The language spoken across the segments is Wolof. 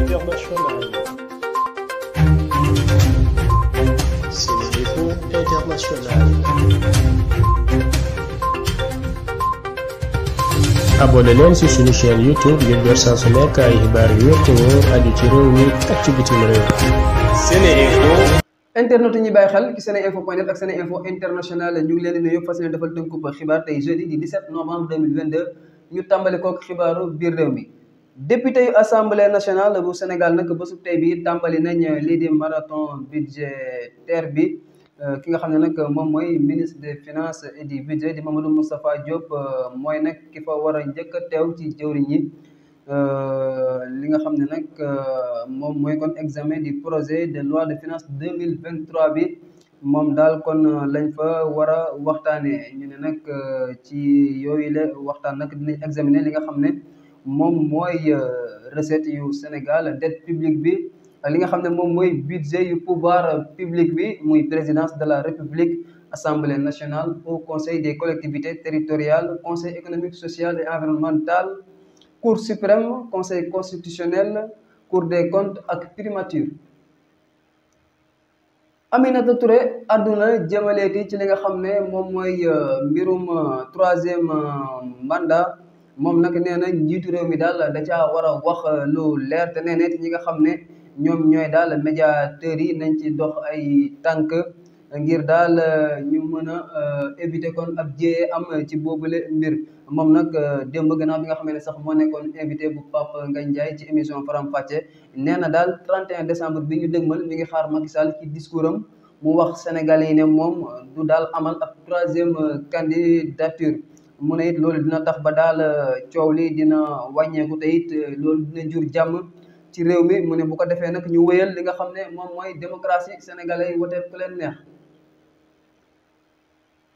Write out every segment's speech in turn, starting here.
internationale. C'est l'info internationale. abonné leen ci suñu chaîne YouTube ngir jot saa su xibaar yu wér te wóor ci réew mi ak ci bitim réew. SeneInfo. internet yi ñuy bàyyi xel ci seneinfo.net ak seneinfo international ñu leen di nuyu fa yéene defal tënku ba xibaar tey jeudi di 17 novembre 2022 ñu tàmbali kook xibaaru biir réew mi. député yu assemblée nationale bu Sénégal nag bésub tey bi tàmbali nañ lii di marathon budgétaire bi euh, ki nga xam ne nag moom mooy ministre des finances et du budget di Mamadou Moustapha Diop euh, mooy nag ki fa war a njëkk a teew ci jëwriñ yi euh, li nga xam ne nag moom mooy kon examen du projet de loi de finances deux mille vingt trois bi moom daal kon lañ fa war a waxtaanee ñu ne nag ci yooyu la waxtaan nag dinañ examiner li nga xam ne. moom mooy euh, recette yu Sénégal dette publique bi li nga xam ne moom mooy budget yu pouvoir public bi muy présidence de la république assemblée nationale au conseil des collectivité territoriale conseil économique sociale et environnemental cour suprême conseil constitutionnel cour des comptes ak primature Aminata Touré àdduna jëmaleeti ci li nga xam ne moom mooy euh, mbirum euh, troisième mandat moom nag nee na njiitu réew mi daal da caa war a wax uh, lu leer te nee na ñi nga xam ne ñoom ñooy daal médiateurs yi nañ ci dox ay tànk ngir daal uh, ñu mën a uh, éviter kon ab jéye am ci boobule mbir moom nag démb gannaaw bi nga xam ne sax moo nekkoon invité bu Pape nga Ndiaye ci émission Faram Facce nee na daal 31 décembre bi ñu dëgmal mi ngi xaar Macky Sall ci discours am mu wax sénégalais yi ne moom du daal amal ab troisième candidature. mu ne it loolu dina tax ba daal euh, coow li dina wàññeeku te it euh, loolu dina jur jàmm ci réew mi mu ne bu ko defee nag ñu wéyal li nga xam ne moom mooy démocratie sénégalais yi wote ku leen neex.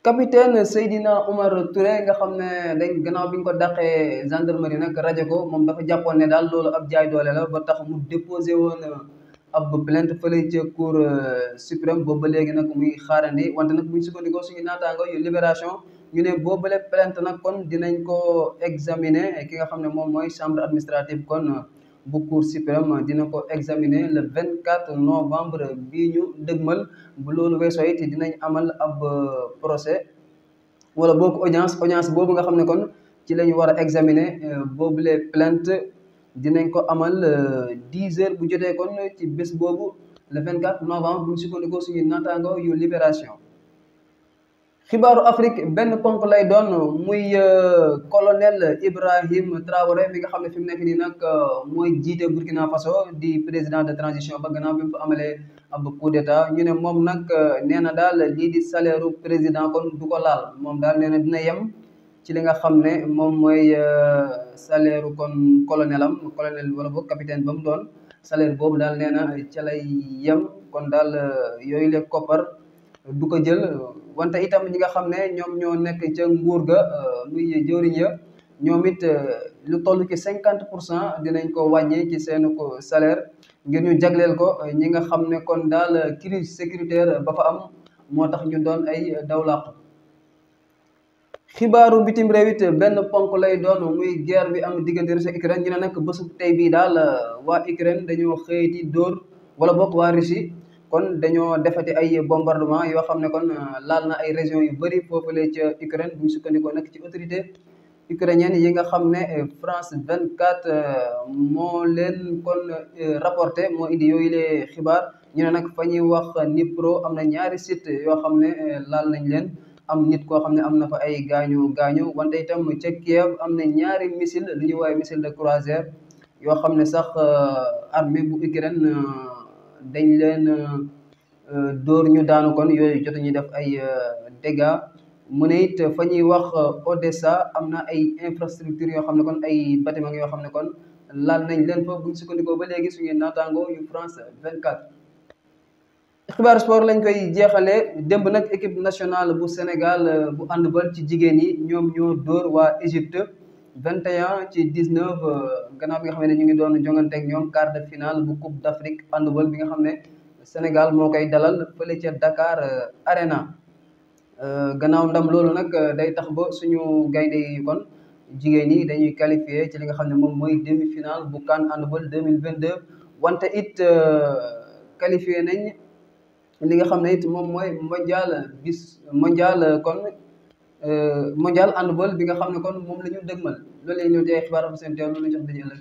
capitaine Seydina Oumar Touré nga xam ne dañ gannaaw bi ñu ko dàqee gendarmerie nag rajo ko moom dafa jàppoon ne daal loolu ab jaay doole la ba tax mu déposé woon euh, ab plainte fële ca cour suprême boobu ba léegi nag muy xaarandi wante nag bu ñu sukkandikoo suñu naataango yu libération. ñu ne boobale plainte nag kon dinañ ko examiner ki nga xam ne moom mooy chambre administrative kon bu cour suprême dina ko examiner le vingt quatre novembre bii ñu dëgmal bu loolu weesoo it dinañ amal ab euh, procès wala book audience audience boobu nga xam ne kon ci la ñu war a examiner euh, boobule plainte dinañ ko amal euh, dix heures bu jotee kon ci béss boobu le vingt quatre novembre bu ñu sukkandikoo suñu naataango yu libération xibaaru Afrique benn ponk lay doon muy euh, colonel Ibrahim Traoré bi nga xam ne fi mu nekk nii nag euh, mooy jiite Burkina Faso di président de transition ba gannaaw bi mu fa amalee ab coup d'état ñu ne moom nag euh, nee na daal lii di salaire président kon du ko laal moom daal nee na dina yem ci li nga xam ne moom mooy salaire kon colonel am colonel wala boog capitaine ba mu doon salaire boobu daal nee na ca yem kon daal yooyu le koppar. du ko jël wante itam ñi nga xam ne ñoom ñoo nekk ca nguur ga euh, muy jëwriñ ya ñoom it euh, lu toll ci cinquante pour cent dinañ ko wàññi ci seen ko salaire ngir ñu jagleel ko euh, ñi nga xam ne kon daal crise sécuritaire ba fa am moo tax ñu doon ay dawlaaxu xibaaru bitim réew it benn ponk lay doon muy guerre bi am diggante Russie ak Ukraine ñu ne nag bés bu tey bii daal waa Ukraine dañoo xëyti dóor wala bokk waa Russie kon dañoo defati ay bombardement yoo xam ne kon euh, laal na ay régions yu bëri foofule ca Ukraine bu ñu sukkandikoo nag ci autorité ukrainienne yi nga xam ne euh, France 24 euh, moo leen kon rapporté moo indi yooyu le xibaar ñu ne nag fa ñuy wax Dnipro am na ñaari site yoo xam ne laal nañ leen am nit koo xam ne am na fa ay gaañu gaañu wante itam ca Kiev am na ñaari missile lu ñu waaye missile de croisière yoo xam ne sax armée bu Ukraine dañ leen euh, euh, dóor ñu daanu kon yooyu jotu ñu def ay euh, dégâts mu ne it fa ñuy wax sa am na ay infrastructure yoo xam ne kon ay bâtiment yoo xam ne kon laal nañ leen fa sukkandikoo ba léegi suñu naataango yu France 24. xibaar sport lañ koy jeexale démb nag équipe nationale bu Sénégal bu handball ci jigéen yi ñoom ñoo dóor waa Égypte. 21 ci 19 euh, gannaaw bi nga xam ne ñu ngi doon jongante ak ñoom quart de finale bu coupe d'Afrique handball bi nga xam ne Sénégal moo koy dalal fële ca Dakar euh, Arena euh, gannaaw ndam loolu nag day tax ba suñu gaynde yi kon jigéen ñi dañuy qualifié ci li nga xam ne moom mooy demi-finale bu CAN handball 2022 wante it qualifié nañ li nga xam ne it moom mooy mondial bis mondial kon Euh, mondial handball bi nga xam ne kon moom la ñu dëgmal loolu la ñuy ñëw tey xibaaram seen teew loolu la ñu jox dañuy